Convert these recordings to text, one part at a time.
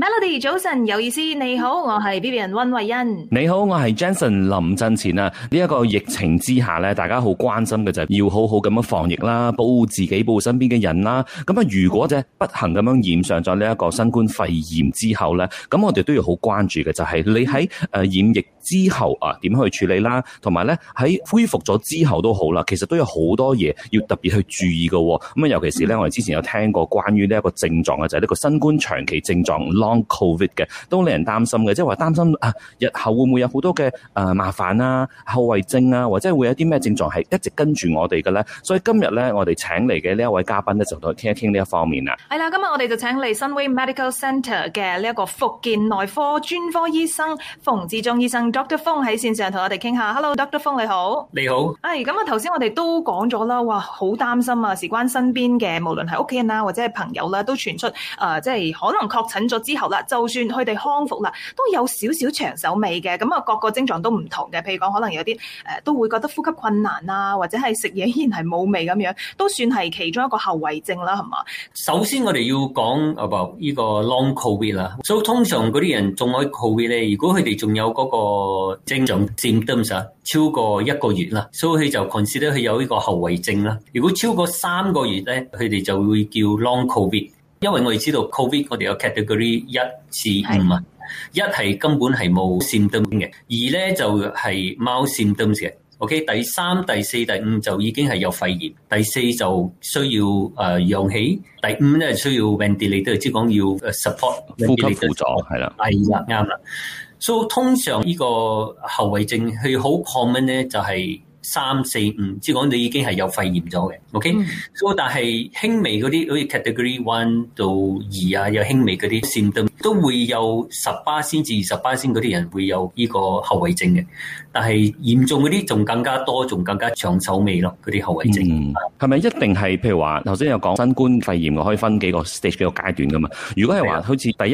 Melody，早晨，有意思。你好，我係 Bian 溫慧欣。你好，我係 Jenson 林振前啊。呢、這、一個疫情之下咧，大家好關心嘅就係要好好咁樣防疫啦，保護自己，保護身邊嘅人啦。咁啊，如果就不幸咁樣染上咗呢一個新冠肺炎之後咧，咁我哋都要好關注嘅就係、是、你喺誒染疫。之後啊，點去處理啦、啊？同埋咧，喺恢復咗之後都好啦，其實都有好多嘢要特別去注意嘅、哦。咁、嗯、啊，尤其是咧，我哋之前有聽過關於呢一個症狀嘅，就係、是、呢個新冠長期症狀 （long COVID） 嘅，都令人擔心嘅。即係話擔心啊，日後會唔會有好多嘅、呃、麻煩啦、啊、後遺症啊，或者會有啲咩症狀係一直跟住我哋嘅咧？所以今日咧，我哋請嚟嘅呢一位嘉賓咧，就同我哋傾一傾呢一方面啦係啦，今日我哋就請嚟 Sunway Medical Centre 嘅呢一個復健內科專科醫生馮志忠醫生。Dr. 峰喺線上同我哋傾下，Hello，Dr. 峰你好，你好，係咁啊！頭先我哋都講咗啦，哇，好擔心啊！事關身邊嘅，無論係屋企人啊，或者係朋友啦，都傳出誒，即係可能確診咗之後啦，就算佢哋康復啦，都有少少長手尾嘅。咁啊，各個症狀都唔同嘅，譬如講，可能有啲誒都會覺得呼吸困難啊，或者係食嘢依然係冇味咁樣，都算係其中一個後遺症啦，係嘛？首先我哋要講啊，噃，呢個 long covid 啦。所以通常嗰啲人中咗 covid 咧，如果佢哋仲有嗰個。個症狀 symptoms 啊超過一個月啦，所以佢就 concern 咧，佢有呢個後遺症啦。如果超過三個月咧，佢哋就會叫 long covid。因為我哋知道 covid，我哋有 category 一至五啊。一係根本係冇 symptom 嘅，二咧就係貓 symptom 嘅。OK，第三、第四、第五就已經係有肺炎。第四就需要誒氧氣，第五咧需要 ventilator，即係講要 support 呼吸輔助，係啦，係啦，啱啦。所、so，以通常呢個後遺症係好 common 呢就係、是。三四五，即係講你已經係有肺炎咗嘅，OK、嗯。咁但係輕微嗰啲，好似 category one 到二啊，有輕微嗰啲線都都會有十巴仙至、二十巴仙嗰啲人會有呢個後遺症嘅。但係嚴重嗰啲仲更加多，仲更加長手尾咯，嗰啲後遺症。係、嗯、咪一定係譬如話頭先有講新冠肺炎，我可以分幾個 stage 幾個階段㗎嘛？如果係話好似第一、第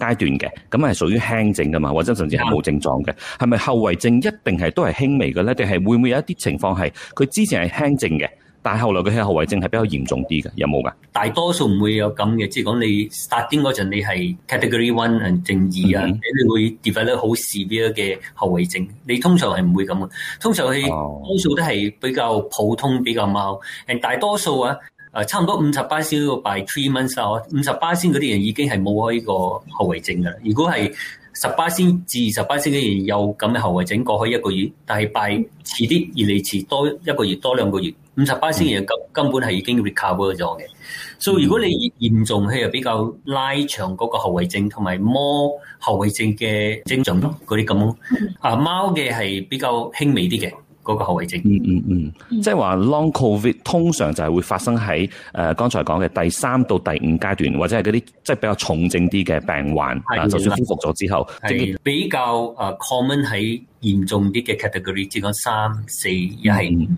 二階段嘅，咁係屬於輕症㗎嘛，或者甚至係冇症狀嘅，係咪後遺症一定係都係輕微嘅咧？定係會唔會有？啲情況係佢之前係輕症嘅，但係後來佢係後遺症係比較嚴重啲嘅，有冇噶？大多數唔會有咁嘅，即係講你刷癲嗰陣，你係 category one 啊、正二啊，你會 develop 得好 severe 嘅後遺症。你通常係唔會咁嘅，通常佢多數都係比較普通、oh. 比較貓，人大多數啊，誒差唔多五十巴仙要 by three months，五十巴仙嗰啲人已經係冇開個後遺症噶啦。如果係，十八先至二十八先，仍然有咁嘅後遺症過去一個月，但係拜遲啲，而你遲多一個月多兩個月，五十八先嘅根根本係已經 recover 咗嘅。所、so，以如果你嚴重係比較拉長嗰個後遺症，同埋摸後遺症嘅症狀嗰啲咁，啊貓嘅係比較輕微啲嘅。嗰個後遺症，嗯嗯嗯，即係話 Long Covid 通常就係會發生喺誒剛才講嘅第三到第五階段，或者係嗰啲即係比較重症啲嘅病患，啊，就算恢復咗之後，即係比較誒 common 喺嚴重啲嘅 category，即係講三四一係五。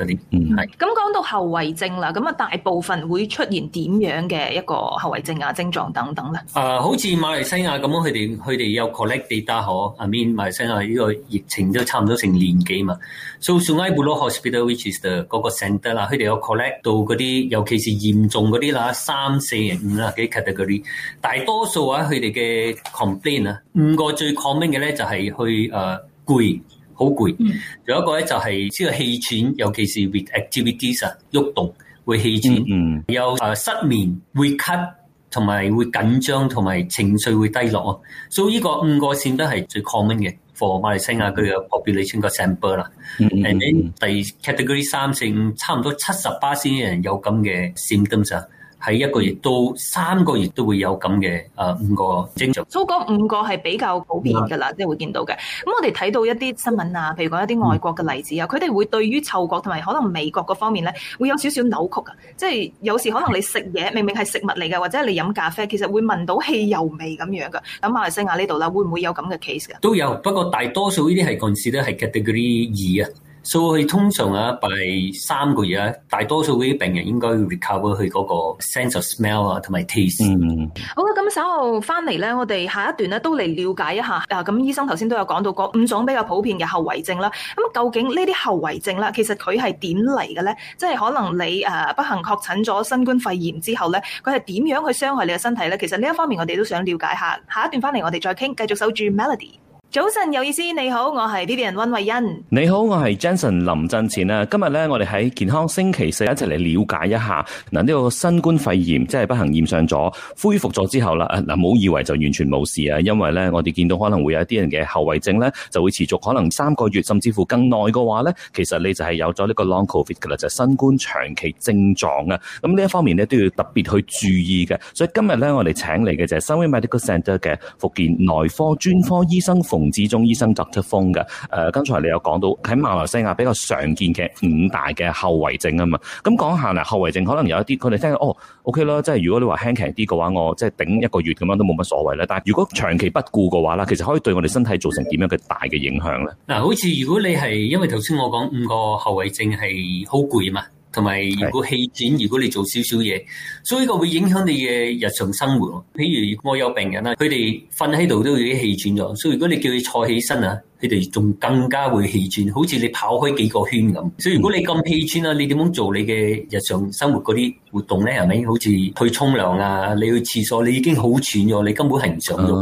啲嗯係，咁講、嗯、到後遺症啦，咁啊大部分會出現點樣嘅一個後遺症啊症狀等等咧？誒、呃，好似馬來西亞咁樣，佢哋佢哋有 collect data 嗬，I mean 馬來西亞呢個疫情都差唔多成年幾嘛，so from b u Hospital which is 嗰個 centre 啦，佢哋有 collect 到嗰啲，尤其是嚴重嗰啲啦，三四五啦幾 category 大多數啊佢哋嘅 complaint 啊，complain, 五個最 common 嘅咧就係、是、去攰。Uh, gui, 好攰，仲有一個咧就係知道氣喘，尤其是 with activities 啊，喐動會氣喘，mm-hmm. 有誒，失眠會咳，同埋會緊張，同埋情緒會低落哦。所以呢個五個線都係最 common 嘅，for 馬來西亞佢嘅 population sample 啦。誒，你第 category 三性，差唔多七十八先嘅人有咁嘅 symptoms 啊。喺一個月到三個月都會有咁嘅誒五個症狀，粗嗰五個係比較普遍㗎啦，嗯，即係會見到嘅。咁我哋睇到一啲新聞啊，譬如講一啲外國嘅例子啊，佢哋會對於嗅覺同埋可能美國嗰方面咧，會有少少扭曲嘅。即係有時可能你食嘢明明係食物嚟嘅，或者你飲咖啡，其實會聞到汽油味咁樣嘅。咁馬來西亞呢度啦，會唔會有咁嘅 case 㗎？都有，不過大多數呢啲係講嘅都係 category 二啊。所以通常啊，第三個月咧，大多數嗰啲病人應該 recover 佢嗰個 sense of smell 啊，同埋 taste。嗯、好啦，咁稍後翻嚟咧，我哋下一段咧都嚟了解一下。啊，咁醫生頭先都有講到嗰五種比較普遍嘅後遺症啦。咁究竟呢啲後遺症啦，其實佢係點嚟嘅咧？即係可能你誒不幸確診咗新冠肺炎之後咧，佢係點樣去傷害你嘅身體咧？其實呢一方面我哋都想了解一下。下一段翻嚟我哋再傾，繼續守住 Melody。早晨有意思，你好，我係呢啲人溫慧欣。你好，我係 Jensen 林振前啊。今日咧，我哋喺健康星期四一齊嚟了解一下嗱呢、這個新冠肺炎，即係不幸染上咗，恢復咗之後啦，嗱、啊、唔好以為就完全冇事啊。因為咧，我哋見到可能會有一啲人嘅後遺症咧，就會持續可能三個月，甚至乎更耐嘅話咧，其實你就係有咗呢個 long covid 啦，就係、是、新冠長期症狀啊。咁呢一方面咧都要特別去注意嘅。所以今日咧，我哋請嚟嘅就係 Sunway Medical Centre 嘅福建內科專科醫生志中，醫生特出風嘅，誒、呃，剛才你有講到喺馬來西亞比較常見嘅五大嘅後遺症啊嘛，咁、嗯、講下嗱，後遺症可能有一啲，佢哋聽哦，OK 啦，即係如果你話輕輕啲嘅話，我即係頂一個月咁樣都冇乜所謂咧。但係如果長期不顧嘅話啦，其實可以對我哋身體造成點樣嘅大嘅影響咧？嗱，好似如果你係因為頭先我講五個後遺症係好攰啊嘛。同埋，如果氣喘，如果你做少少嘢，所以個會影響你嘅日常生活。譬如我有病人啦，佢哋瞓喺度都已經氣喘咗，所以如果你叫佢坐起身啊，佢哋仲更加會氣喘，好似你跑開幾個圈咁。所以如果你咁氣喘啦，你點樣做你嘅日常生活嗰啲活動咧？係咪？好似去沖涼啊，你去廁所，你已經好喘咗，你根本係唔上到。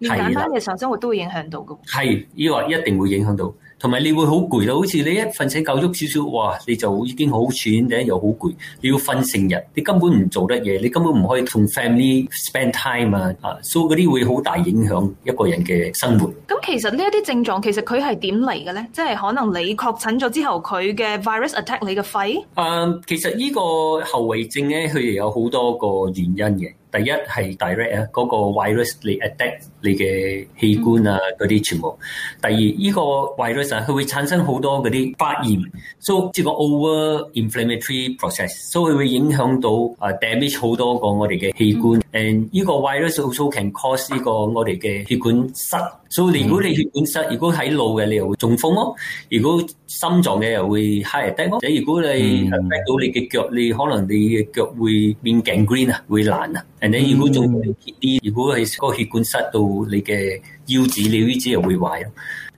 係、呃、啦，簡單日常生活都會影響到嘅。係，呢個一定會影響到。同埋你會好攰咯，好似你一瞓醒夠喐少少，哇！你就已經好喘嘅，又好攰，你要瞓成日，你根本唔做得嘢，你根本唔可以同 family spend time 啊，所以嗰啲會好大影響一個人嘅生活。咁其實呢一啲症狀，其實佢係點嚟嘅咧？即係可能你確診咗之後，佢嘅 virus attack 你嘅肺。誒，其實呢個後遺症咧，佢亦有好多個原因嘅。第一係 direct 啊，嗰個 virus 嚟 attack 你嘅器官啊，嗰啲全部。第二呢個 virus 啊佢會產生好多嗰啲發炎，so 即個 over-inflammatory process，所以會影響到啊 damage 好多個我哋嘅器官。and 呢個 virus 仲可以 cause 呢個我哋嘅血管塞，所以如果你血管塞，如果喺腦嘅你又會中風咯；如果心臟嘅又會 heart attack 咯。即如果你跌到你嘅腳，你可能你嘅腳會變 gangrene 啊，會爛啊。人你如果做啲，如果係個血管塞到你嘅腰子，你呢子又會壞咯。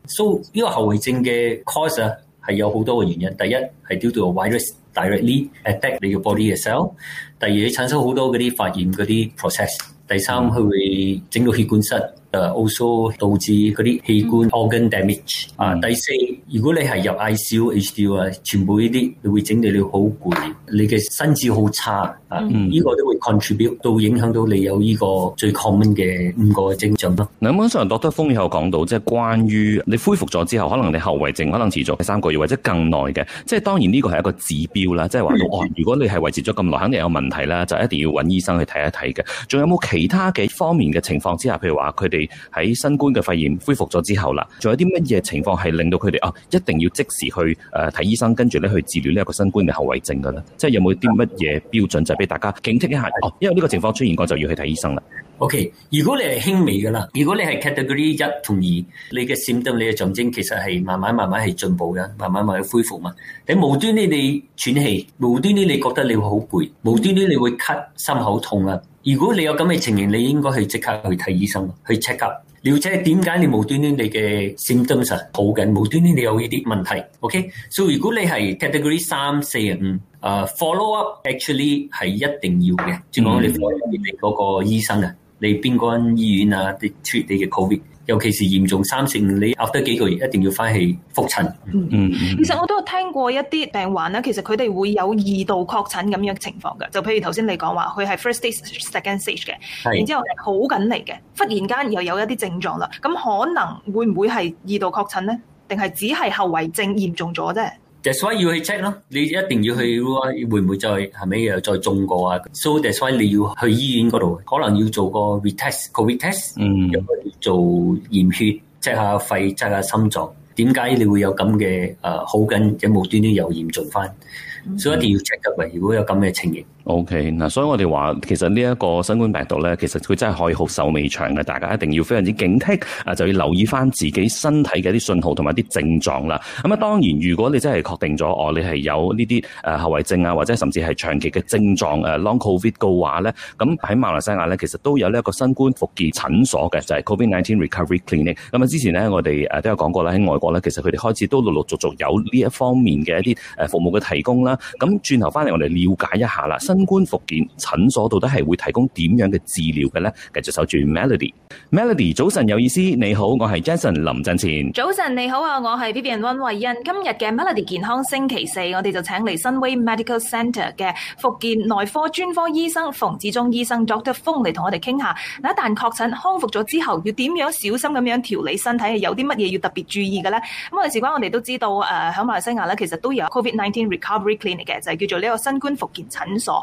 So 呢個後遺症嘅 cause 啊，係有好多嘅原因。第一係 due to a virus directly affect 你嘅 body 嘅 cell。第二你產生好多啲發炎啲 process。第三佢會。嗯整到血管塞，啊，also 導致嗰啲器官 organ damage、嗯。啊，第四，如果你係入 ICU、HD 啊，全部呢啲你會整理你好攰，你嘅身子好差、嗯。啊，呢、這個都會 contribute 都影響到你有呢個最 common 嘅五個症狀。嗱、嗯，咁上日 doctor 封宇又講到，即、就、係、是、關於你恢復咗之後，可能你後遺症可能持續三個月或者更耐嘅。即係當然呢個係一個指標啦。即係話到，哦，如果你係維持咗咁耐，肯定有問題啦，就一定要揾醫生去睇一睇嘅。仲有冇其他嘅方面？嘅情況之下，譬如話佢哋喺新冠嘅肺炎恢復咗之後啦，仲有啲乜嘢情況係令到佢哋啊一定要即時去誒睇醫生，跟住咧去治療呢一個新冠嘅後遺症嘅咧？即係有冇啲乜嘢標準，就係俾大家警惕一下哦。因為呢個情況出現過，就要去睇醫生啦。OK，如果你係輕微嘅啦，如果你係 Category 一同二，你嘅閃燈、你嘅象徵其實係慢慢慢慢係進步嘅，慢慢慢慢恢復嘛。你無端端你喘氣，無端端你覺得你好攰，無端端你會咳、心口痛啊。如果你有咁嘅情形，你應該去即刻去睇醫生，去 check up，了解點解你無端端你嘅 symptoms 好緊，無端端你有呢啲問題。OK，所以如果你係 category 三四五，誒 follow up actually 係一定要嘅，即係講你 follow up 你嗰個醫生嘅。你邊間醫院啊？你處理嘅 COVID，尤其是嚴重三成，3, 4, 5, 你壓得幾個月，一定要翻去復診。嗯嗯。其實我都有聽過一啲病患咧，其實佢哋會有二度確診咁樣的情況嘅。就譬如頭先你講話，佢係 first stage、second stage 嘅，然之後好緊嚟嘅，忽然間又有一啲症狀啦，咁可能會唔會係二度確診咧？定係只係後遺症嚴重咗啫？就所以要去 check 咯，你一定要去，會唔會再係咪又再中過啊？所以，所以你要去醫院嗰度，可能要做個 retest，個 retest，嗯，做驗血，check 下肺，check 下心臟。點解你會有咁嘅誒好緊，且無端端又嚴重翻？所以一定要 check 嘅，如果有咁嘅情形。O.K. 嗱，所以我哋話，其實呢一個新冠病毒咧，其實佢真係可以好手尾長嘅，大家一定要非常之警惕啊，就要留意翻自己身體嘅一啲信號同埋啲症狀啦。咁啊，當然如果你真係確定咗，哦，你係有呢啲誒後遺症啊，或者甚至係長期嘅症狀誒 long covid 嘅話咧，咁喺馬來西亞咧，其實都有呢一個新冠復健診所嘅，就係 covid nineteen recovery clinic。咁啊，之前咧我哋誒都有講過啦，喺外國咧，其實佢哋開始都陸陸續續有呢一方面嘅一啲誒服務嘅提供啦。咁轉頭翻嚟，我哋了解一下啦，新冠復健診所到底係會提供點樣嘅治療嘅咧？繼續守住 Melody，Melody，早晨有意思，你好，我係 Jason 林振前。早晨你好啊，我係 Vivian 溫慧欣。今日嘅 Melody 健康星期四，我哋就請嚟 Sunway Medical Centre 嘅復健內科專科醫生馮志忠醫生 doctor Fung 嚟同我哋傾下。嗱，一旦確診康復咗之後，要點樣小心咁樣調理身體？有啲乜嘢要特別注意嘅咧？咁、嗯、啊，事關我哋都知道誒，喺、呃、馬來西亞咧，其實都有 COVID nineteen recovery clinic 嘅，就係叫做呢個新冠復健診所。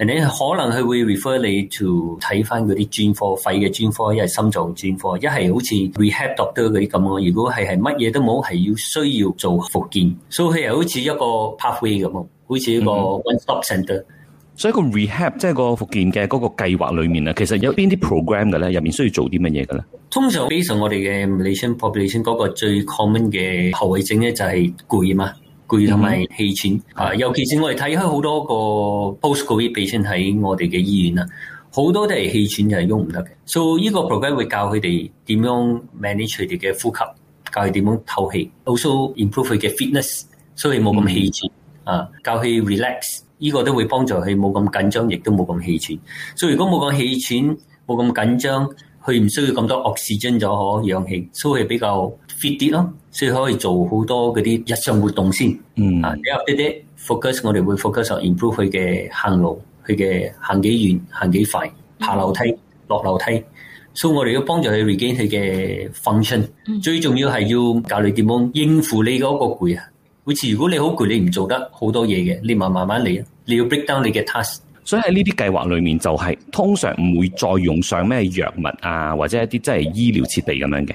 你可能佢會 refer 你去睇翻嗰啲專科，肺嘅專科一係心臟專科，一係好似 rehab doctor 嗰啲咁咯。如果係係乜嘢都冇，係要需要做復健，所以佢又好似一個 pathway 咁好似一個 one stop center，嗯、所以個 rehab 即係個復健嘅嗰個計劃裏面咧，其實有邊啲 program 嘅咧？入面需要做啲乜嘢嘅咧？通常，基於我哋嘅 Malaysian population 嗰個最 common 嘅後遺症咧就係攰吖嘛。攰同埋氣喘，啊，尤其是我哋睇開好多個 post COVID 病癥喺我哋嘅醫院啦，好多都係氣喘就係喐唔得嘅。So 呢個 program 會教佢哋點樣 manage 佢哋嘅呼吸，教佢點樣透氣，also improve 佢嘅 fitness，所以冇咁氣喘，啊，教佢 relax，呢個都會幫助佢冇咁緊張，亦都冇咁氣喘。所以如果冇咁氣喘，冇咁緊張，佢唔需要咁多 oxygen 咗嘅氧氣，所以比較 fit 啲咯，所以可以做好多嗰啲日常活動先。嗯，然後啲啲 focus，我哋會 focus on improve 佢嘅行路，佢嘅行幾遠、行幾快、爬樓梯、落樓梯。所以我哋要幫助佢 regain 佢嘅 function。最重要係要教你點樣應付你嗰個攰啊！每次如果你好攰，你唔做得好多嘢嘅，你咪慢慢嚟啊！你要 break down 你嘅 task。所以喺呢啲計劃裏面、就是，就係通常唔會再用上咩藥物啊，或者一啲真係醫療設備咁樣嘅。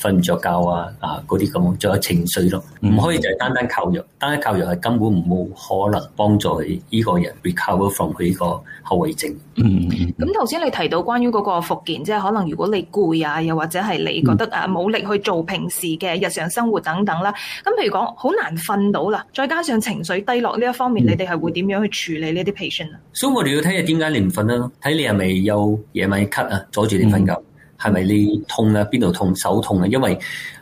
瞓唔着覺啊！啊嗰啲咁，仲有情緒咯，唔可以就係單單靠藥，單單靠藥係根本冇可能幫助佢依個人 recover from 佢呢個後遺症。嗯，咁頭先你提到關於嗰個復健，即係可能如果你攰啊，又或者係你覺得誒冇力去做平時嘅日常生活等等啦，咁譬如講好難瞓到啦，再加上情緒低落呢一方面，你哋係會點樣去處理呢啲 patient 啊？所以我哋要睇下點解你唔瞓啊。睇你係咪有夜晚咳啊，阻住你瞓覺。係咪你痛啊？邊度痛？手痛啊？因為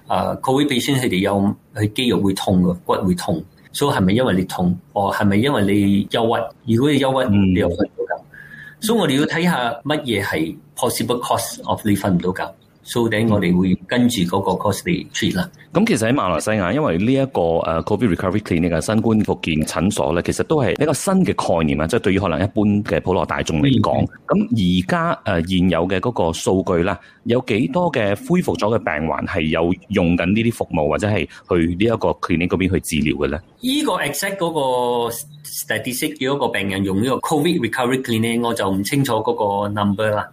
啊，COVID patients，佢哋有佢肌肉會痛嘅，骨會痛。所以係咪因為你痛？哦，係咪因為你憂鬱？如果你憂鬱，你又瞓唔到覺。Mm-hmm. 所以我哋要睇下乜嘢係 possible cause of 你瞓唔到覺。所以我哋會跟住嗰個 costly treat 啦。咁其實喺馬來西亞，因為呢一個誒 COVID recovery clinic 嘅新冠復健診所咧，其實都係一個新嘅概念啊！即係對於可能一般嘅普羅大眾嚟講，咁而家誒現有嘅嗰個數據啦，有幾多嘅恢復咗嘅病患係有用緊呢啲服務，或者係去呢一個 clinic 嗰邊去治療嘅咧？呢個 exact 嗰個 statistics，如果個病人用呢個 COVID recovery clinic 咧，我就唔清楚嗰個 number 啦。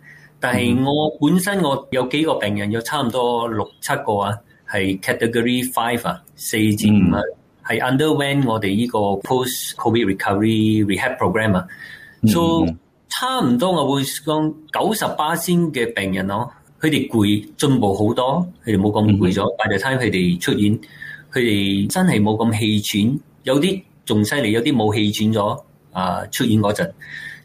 但係我本身我有幾個病人有差唔多六七個啊，係 category five 啊，四至五啊，係 underwent 我哋呢個 post covid recovery rehab programme 啊，so 差唔多我會講九十八巴仙嘅病人咯，佢哋攰，進步好多，佢哋冇咁攰咗，by the time 佢哋出院，佢哋真係冇咁氣喘，有啲仲犀利，有啲冇氣喘咗啊，出院嗰陣。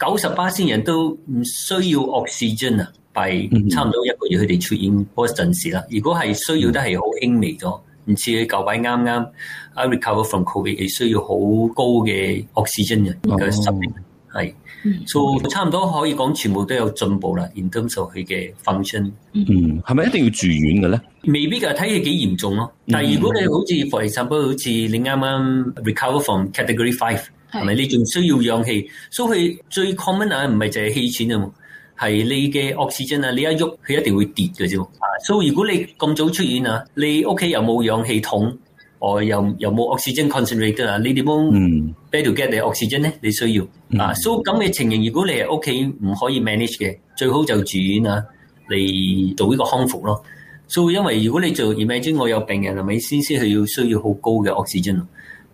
九成八嘅人都唔需要氧氣樽啊，係差唔多一個月佢哋出院嗰陣時啦。如果係需要都係好輕微咗，唔似佢舊位啱啱 recover from COVID 係需要好高嘅氧氣樽嘅應該十年，係、oh.，做、mm-hmm. 差唔多可以講全部都有進步啦。In terms of 佢嘅 function，嗯，係咪一定要住院嘅咧？未必㗎，睇佢幾嚴重咯。但係如果你好似 for example 好似你啱啱 recover from category five。係咪你仲需要氧氣？所以佢最 common 啊，唔係就係氣喘啊嘛，係你嘅 o x 症啊，你一喐佢一定會跌嘅啫。啊，所以如果你咁早出院啊，你屋企又冇氧氣筒？我有有冇 o x i c o n c e n t r a t e 啊？你點樣 better get 你 o x 症 c 咧？你需要啊。所以咁嘅情形，如果你係屋企唔可以 manage 嘅，最好就住院啊，嚟做呢個康復咯。所、so, 以因為如果你做 imagine 我有病人啊，咪先先係要需要好高嘅 o x 症。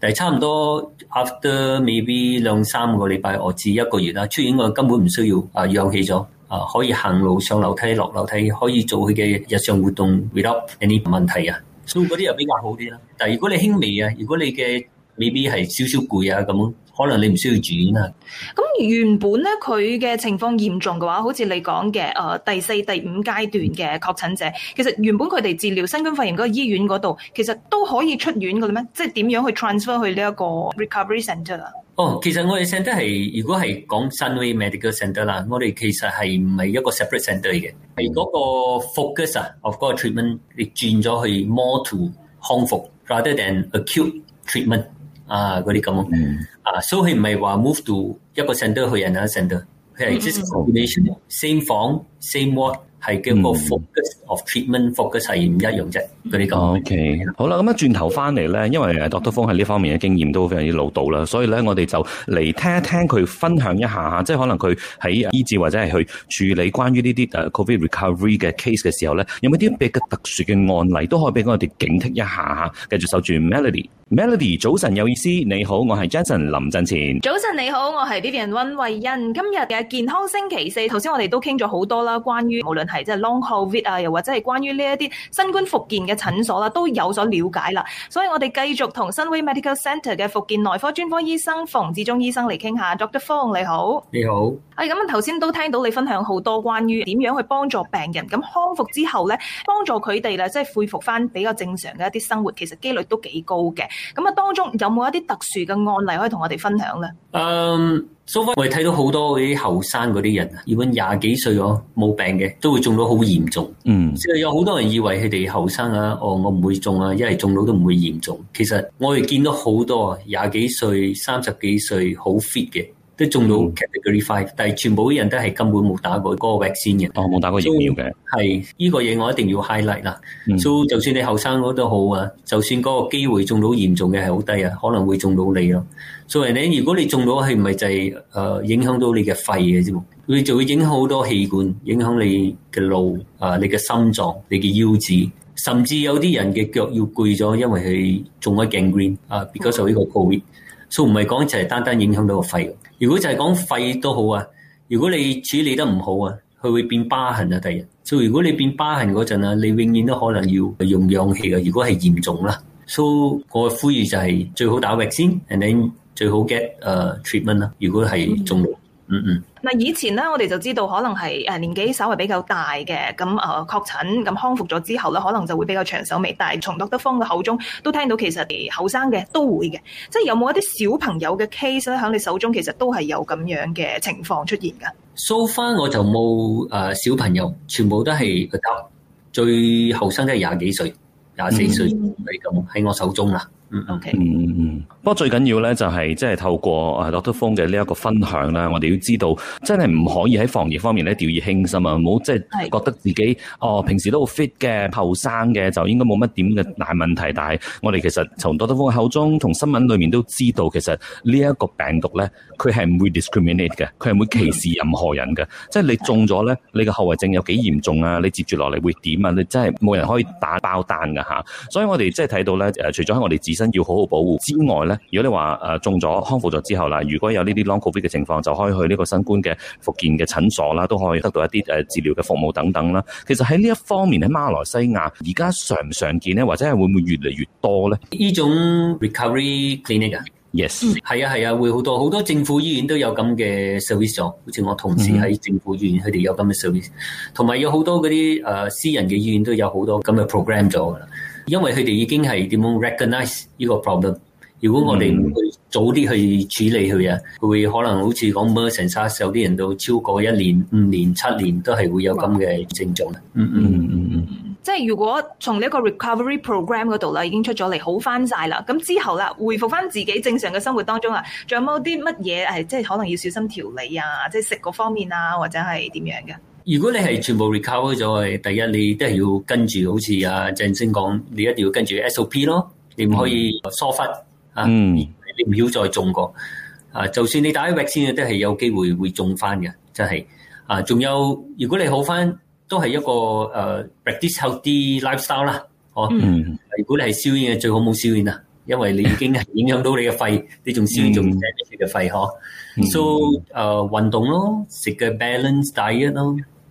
係差唔多 after maybe 兩三個禮拜，我至一個月啦，出院我根本唔需要啊，氧氣咗啊，可以行路上樓梯、落樓梯，可以做佢嘅日常活動，without any 問題啊，所以嗰啲又比較好啲啦。但係如果你輕微啊，如果你嘅 maybe 係少少攰啊咁可能你唔需要住院啊。咁原本咧，佢嘅情況嚴重嘅話，好似你講嘅、呃、第四、第五階段嘅確診者，其實原本佢哋治療新冠肺炎嗰個醫院嗰度，其實都可以出院嘅咧，咩？即係點樣去 transfer 去呢一個 recovery centre r 哦，其實我哋 c e n t e r 係，如果係講身危 medical centre 啦，我哋其實係唔係一個 separate centre e 嘅，係嗰個 focus 啊，of 嗰個 treatment 你轉咗去 more to 康復 rather than acute treatment。啊，嗰啲咁啊，所以唔係話 move 到一個 center 去，另一個 center 佢係 just combination，same 房、嗯、，same what 係叫個 focus of treatment，focus、嗯、係唔一樣啫，嗰啲咁。O、okay. K，、嗯、好啦，咁啊轉頭翻嚟咧，因為 doctor 馮喺呢方面嘅經驗都非常之老道啦，所以咧我哋就嚟聽一聽佢分享一下吓，即、就、係、是、可能佢喺醫治或者係去處理關於呢啲誒 covid recovery 嘅 case 嘅時候咧，有冇啲比較特殊嘅案例，都可以俾我哋警惕一下吓，繼續守住 melody。Melody，早晨有意思。你好，我係 Jason 林振前。早晨你好，我係 Vivian 溫慧欣。今日嘅健康星期四，頭先我哋都傾咗好多啦，關於無論係即係 Long Covid 啊，又或者係關於呢一啲新冠復健嘅診所啦，都有所了解啦。所以我哋繼續同 Sunway Medical Centre 嘅復健內科專科醫生馮志忠醫生嚟傾下。Dr. Fong，你好，你好。哎，咁啊，頭先都聽到你分享好多關於點樣去幫助病人，咁康復之後咧，幫助佢哋啦，即係恢復翻比較正常嘅一啲生活，其實幾率都幾高嘅。咁啊，當中有冇一啲特殊嘅案例可以同我哋分享咧？嗯、um, so，所以我哋睇到好多嗰啲後生嗰啲人啊，原本廿幾歲我冇病嘅都會中到好嚴重。嗯，即係有好多人以為佢哋後生啊，哦，我唔會中啊，因為中到都唔會嚴重。其實我哋見到好多啊，廿幾歲、三十幾歲好 fit 嘅，都中到 category five、嗯、但係全部啲人都係根本冇打過嗰個 vaccine 嘅，冇打過疫苗嘅。係呢、這個嘢我一定要 highlight 啦。所、嗯、以、so, 就算你後生嗰都好啊，就算嗰個機會中到嚴重嘅係好低啊，可能會中到你咯、啊。所以你如果你中到係唔係就係、是、誒、呃、影響到你嘅肺嘅、啊、啫，會就會影響好多器官，影響你嘅腦啊，你嘅心臟、呃、你嘅、呃、腰子，甚至有啲人嘅腳要攰咗，因為佢中咗 gangrene 啊 because 呢個 covid、嗯所以唔係講就係單單影響到個肺，如果就係講肺都好啊，如果你處理得唔好啊，佢會變疤痕啊第日，所以如果你變疤痕嗰陣啊，你永遠都可能要用氧氣啊，如果係嚴重啦所以我嘅呼籲就係最好打 vaccine 先，and then 最好 get treatment 啦，如果係中嗯嗯，嗱，以前咧，我哋就知道可能係誒年紀稍微比較大嘅，咁誒確診咁康復咗之後咧，可能就會比較長手尾大，但係從諾德方嘅口中都聽到，其實後生嘅都會嘅，即係有冇一啲小朋友嘅 case 咧喺你手中，其實都係有咁樣嘅情況出現噶。So far，我就冇誒小朋友，全部都係得最後生都係廿幾歲、廿四歲咁喺我手中啦。嗯，OK。嗯嗯嗯，不過最緊要咧就係即係透過誒 Dr. 馮嘅呢一個分享咧，我哋要知道真係唔可以喺防疫方面咧掉以輕心啊！唔好即係覺得自己哦平時都好 fit 嘅、後生嘅就應該冇乜點嘅大問題。但係我哋其實從 Dr. 馮嘅口中同新聞裏面都知道，其實呢一個病毒咧，佢係唔會 discriminate 嘅，佢係唔會歧視任何人嘅。即係、就是、你中咗咧，你個後遺症有幾嚴重啊？你接住落嚟會點啊？你真係冇人可以打包單噶吓。所以我哋即係睇到咧誒，除咗喺我哋自身要好好保護之外咧，如果你話誒中咗康復咗之後啦，如果有呢啲 Long COVID 嘅情況，就可以去呢個新冠嘅復健嘅診所啦，都可以得到一啲誒治療嘅服務等等啦。其實喺呢一方面喺馬來西亞而家常唔常見咧，或者係會唔會越嚟越多咧？呢種 recovery clinic yes 係、嗯、啊係啊，會好多好多政府醫院都有咁嘅 service 咗，好似我同事喺政府醫院佢哋、嗯、有咁嘅 service，同埋有好多嗰啲誒私人嘅醫院都有好多咁嘅 program 咗噶啦。因為佢哋已經係點樣 recognize 呢個 problem，如果我哋唔去早啲去處理佢啊、嗯，會可能好似講 MERS、SARS，有啲人都超過一年、五年、七年都係會有咁嘅症狀咧。嗯嗯嗯嗯嗯。即係如果從呢一個 recovery program 嗰度啦，已經出咗嚟好翻晒啦，咁之後啦，回復翻自己正常嘅生活當中啊，仲有冇啲乜嘢係即係可能要小心調理啊？即係食嗰方面啊，或者係點樣嘅？如果你係全部 recover 咗，第一你都係要跟住，好似阿鄭先講，你一定要跟住 SOP 咯，你唔可以疏忽啊，你唔要再中過啊。就算你打 rock 先嘅，都係有機會會中翻嘅，真係啊。仲有，如果你好翻，都係一個誒 practice healthy lifestyle 啦，哦，如果你係燒煙嘅，最好冇燒煙啦，因為你已經係影響到你嘅肺，你仲燒仲死你嘅肺呵。So 誒運動咯，食嘅 balanced diet 咯。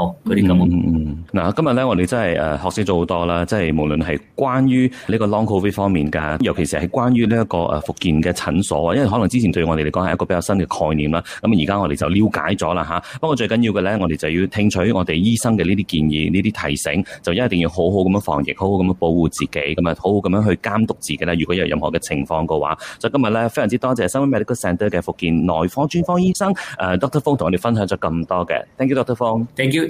啲、oh, 咁、嗯，嗯嗯，嗱今日咧，我哋真係誒學識咗好多啦，即係無論係關於呢個 Long Covid 方面嘅，尤其是係關於呢一個誒復健嘅診所，因為可能之前對我哋嚟講係一個比較新嘅概念啦。咁而家我哋就了解咗啦吓。不過最緊要嘅咧，我哋就要聽取我哋醫生嘅呢啲建議、呢啲提醒，就一定要好好咁樣防疫，好好咁樣保護自己，咁啊好好咁樣去監督自己啦。如果有任何嘅情況嘅話，就今日咧非常之多謝 Medical Centre 嘅復健內科專科醫生 Doctor Fong 同我哋分享咗咁多嘅，Thank you，Doctor Fong，Thank you。